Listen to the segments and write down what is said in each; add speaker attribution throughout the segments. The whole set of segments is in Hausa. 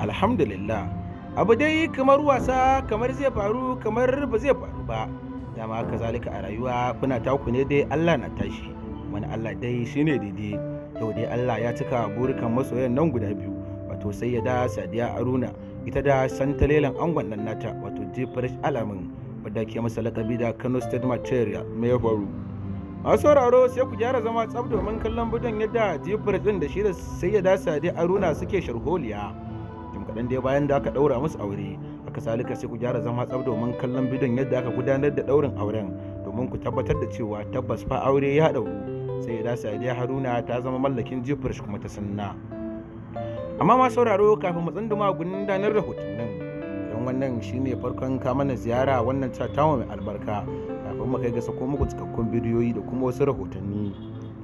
Speaker 1: alhamdulillah abu dai kamar wasa kamar zai faru kamar ba zai faru ba dama kazalika a rayuwa kuna taku ne dai Allah na tashi wani Allah dai shine daidai yau dai Allah ya cika burikan masoyan nan guda biyu wato sai ya da Sadiya Aruna ita da Santalelan angon nan nata wato jifarish Alamin wadda ke masa lakabi da Kano State Material mai faru a sauraro sai ku gyara zama tsab domin kallon budon yadda Jeffresh din da shi da sai ya Sadiya Aruna suke sharholiya kaɗan dai bayan da aka daura musu aure aka salika sai ku gyara zama tsab domin kallon bidon yadda aka gudanar da daurin auren domin ku tabbatar da cewa tabbas fa aure ya ɗauru sai ya Sadiya Haruna ta zama mallakin jifresh kuma ta sanna amma ma sauraro kafin mu tsunduma gudanar da nan don wannan shine farkon ka mana ziyara wannan tattawa mai albarka kafin mu kai ga sako muku cikakkun bidiyoyi da kuma wasu rahotanni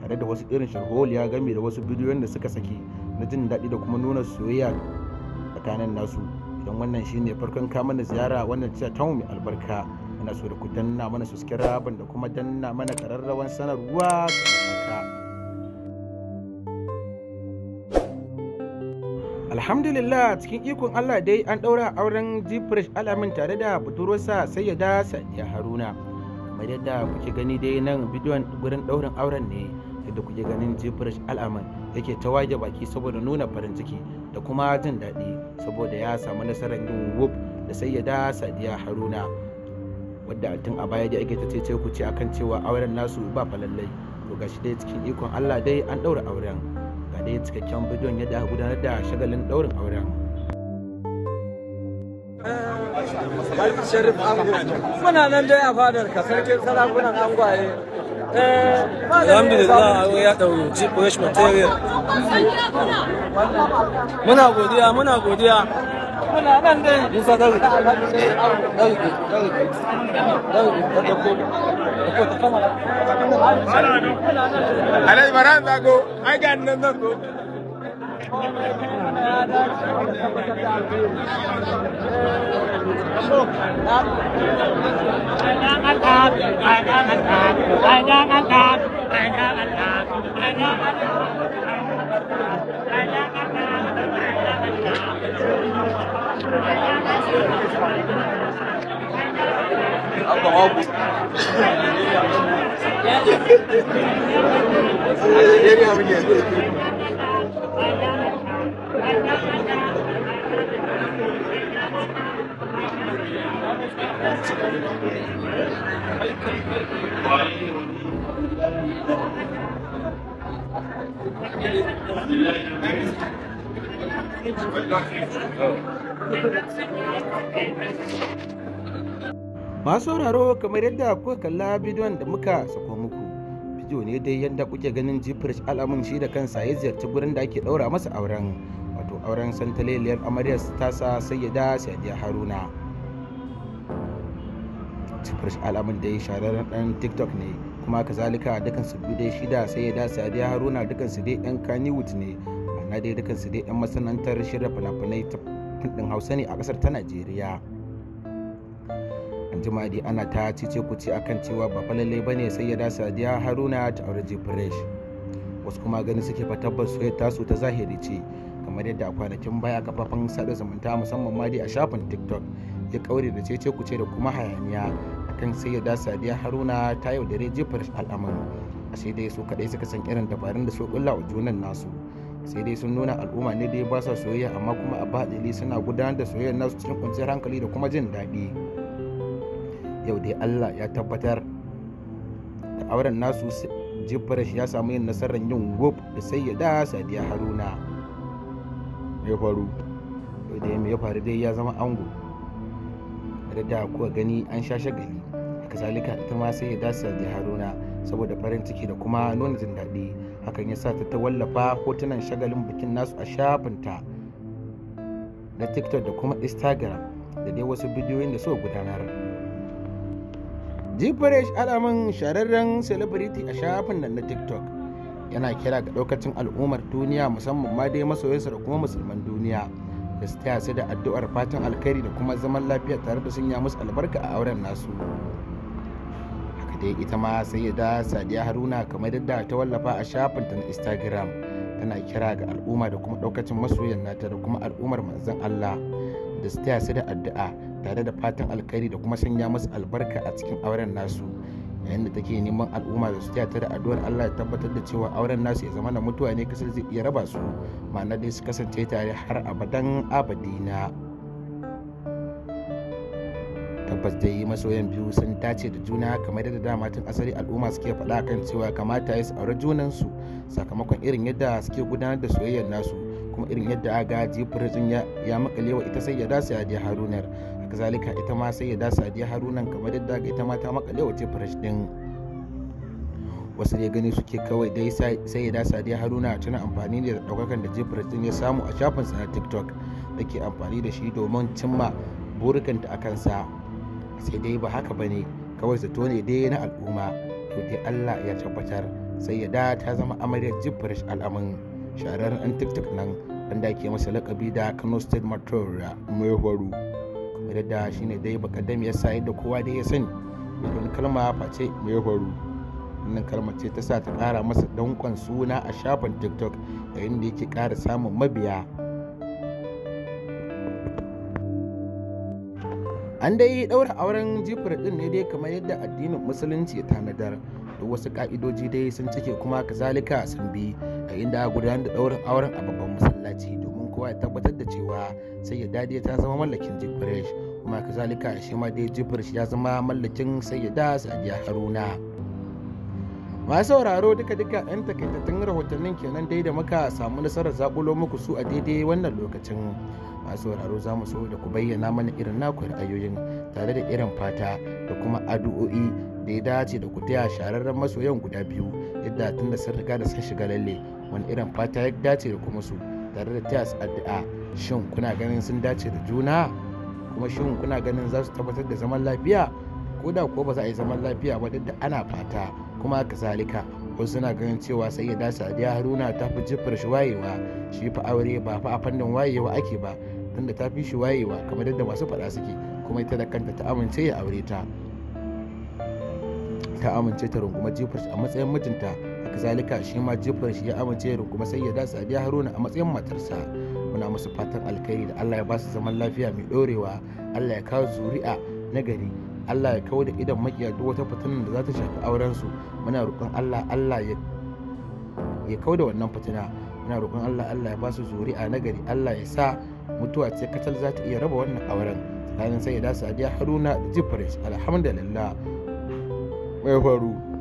Speaker 1: tare da wasu irin sharholiya game da wasu bidiyoyin da suka saki na jin daɗi da kuma nuna soyayya tsakanin nasu don wannan shine farkon kamar ziyara wannan cewa ta mai albarka ana so da ku danna mana subscribe da kuma danna mana kararrawan sanarwa ga alhamdulillah cikin ikon allah dai an ɗaura auren jifresh alamin tare da budurwarsa sai ya da sadiya haruna kamar yadda kuke gani dai nan bidiyon gurin ɗaurin auren ne yadda kuke ganin jifresh al'aman yake ta wage baki saboda nuna farin ciki da kuma jin daɗi saboda ya samu nasarar yin wub da sayyada sadiya haruna wadda tun a baya da ake ta ce ku ce akan cewa auren nasu ba falallai to gashi dai cikin ikon allah dai an ɗaura auren ga dai cikakken bidiyon yadda aka gudanar da shagalin ɗaurin auren Muna nan dai a fadar ka sarkin sarakunan angwaye alhamdulillah ya ɗauki fresh material muna godiya muna godiya musa ai ga nan nan go ลูกครับรายงานอันขาดรายงานอันขาดรายงานอันขาดรายงานอันขาดรายงานอันขาดร
Speaker 2: ายงานอันขาดรายงานอันขาดรายงานอัน
Speaker 1: ขาดเอาบอกเอาบุกเยอะๆไปเยอะ masu sauraro kamar yadda kuka kalla bidiyon da muka sako muku bidiyo ne dai yadda kuke ganin jifresh al'amun shi da kansa ya ziyarci gurin da ake daura masa auren wato auren santaleliyar amaryar sa sayyada sadiya haruna fresh alamun da ya na ɗan tiktok ne kuma kazalika dukkan su dai shida sai ya dace biya haruna dukkan su dai yan kanywood ne ana dai dukkan su dai yan masanantar shirya fina-finai ta din hausa ne a kasar ta najeriya an jima dai ana ta cice kuce akan cewa ba falalle ba ne sai ya dace biya haruna ta aure fresh wasu kuma gani suke fa tabbas soyayya tasu ta zahiri ce kamar yadda a kwanakin baya kafafen sada zumunta musamman ma dai a shafin tiktok ya kaure da cece kuce da kuma hayaniya akan sai ya dasa sadiya haruna ta yaudare jifar a sai dai su kadai suka san irin dabarun da su kulla wa junan nasu sai dai sun nuna al'umma ne dai ba sa soyayya amma kuma a batsili suna gudanar da soyayyar nasu cikin kwanciyar hankali da kuma jin daɗi yau dai allah ya tabbatar da auren nasu jibrish ya samu yin nasarar yin gub da sayyada sadiya haruna ya faru yau dai mai ya faru dai ya zama ango da kuka gani an sha shagali haka zalika ita ma sai ya dasa da haruna saboda farin ciki da kuma nuna jin daɗi hakan ya sa ta ta wallafa hotunan shagalin bikin nasu a shafinta na tiktok da kuma instagram da dai wasu bidiyoyin da suka gudanar jifaresh alamin shararren celebrity a shafin nan na tiktok yana kira ga daukacin al'ummar duniya musamman ma dai masoyansa da kuma musulman duniya da su taya sai da addu'ar fatan alkhairi da kuma zaman lafiya tare da sun ya musu albarka a auren nasu haka dai ita ma sayyida sadiya haruna kamar yadda ta wallafa a shafinta na instagram tana kira ga al'umma da kuma daukacin masoyan nata da kuma al'ummar manzon allah da su taya sai da addu'a tare da fatan alkhairi da kuma sanya musu albarka a cikin auren nasu yayin da take neman al'umma da su ta da addu'ar Allah ya tabbatar da cewa auren nasu ya zama da mutuwa ne kasar zai iya raba su ma'ana dai su kasance tare har abadan abadina tabbas dai masoyan biyu sun tace da juna kamar yadda dama tun asali al'umma suke faɗa kan cewa kamata ya su junansu sakamakon irin yadda suke gudanar da soyayyar nasu kuma irin yadda aga jifirin ya makalewa ita sai ya dasa ya harunar kazalika ita ma sai ya da sadiya harunan kamar yadda ita ma ta makale wace fresh din wasu dai gani suke kawai dai sai ya da sadiya haruna a tana amfani da daukakan da fresh din ya samu a shafinsa na tiktok da amfani da shi domin cimma burikanta a sa sai dai ba haka ba ne kawai zato ne dai na al'umma to dai allah ya tabbatar sai ya da ta zama amaryar fresh al'amun shahararren tiktok nan wanda ke masa lakabi da kano state metro mai horo mai da shine dai dam ya sa yadda kowa dai ya sani mai kalma face mai faru wannan kalmar ce ta sa ta kara masa dankon suna a shafin tiktok yayin da yake kara samun mabiya an dai daura auren jifar din ne dai kamar yadda addinin musulunci ya tanadar da wasu ka'idoji dai sun cike kuma kazalika sun bi a inda gudanar da ɗaurin auren a babban masallaci domin kowa ya tabbatar da cewa sai ya dade ta zama mallakin jibrish kuma kazalika shi ma dai jibrish ya zama mallakin sayyada sadiya haruna masu sauraro duka duka yan takaitattun rahotannin kenan dai da muka samu nasarar zaɓulo muku su a daidai wannan lokacin masu sauraro za mu so da ku bayyana mana irin naku ra'ayoyin tare da irin fata da kuma addu'o'i da ya dace da ku taya shahararren masoyan guda biyu yadda tun da sun riga da sun shiga lalle wani irin fata ya dace da kuma su tare da taya su addu'a shin kuna ganin sun dace da juna kuma shin kuna ganin za su tabbatar da zaman lafiya ko da ko ba za a yi zaman lafiya ba duk da ana fata kuma ka zalika wasu suna ganin cewa sai ya dace a haruna ta fi jifar shi wayewa shi fa aure ba fa a fannin wayewa ake ba tunda ta fi shi wayewa kamar yadda masu faɗa suke kuma ita da kanta ta amince ya aure ta ta amince ta runguma jefar a matsayin mijinta haka zalika shi ma jefar shi ya amince ya runguma sai ya da biya haruna a matsayin matarsa muna musu fatan alkhairi da allah ya ba su zaman lafiya mai ɗorewa allah ya kawo zuri'a na gari allah ya kawo da idan makiya duk wata fitinan da za ta shafi aurensu muna roƙon allah allah ya ya kawo da wannan fitina muna roƙon allah allah ya ba su zuri'a na gari allah ya sa mutuwa ce kacal za ta iya raba wannan auren tsakanin sayyada sadiya haruna da alhamdulillah mai faru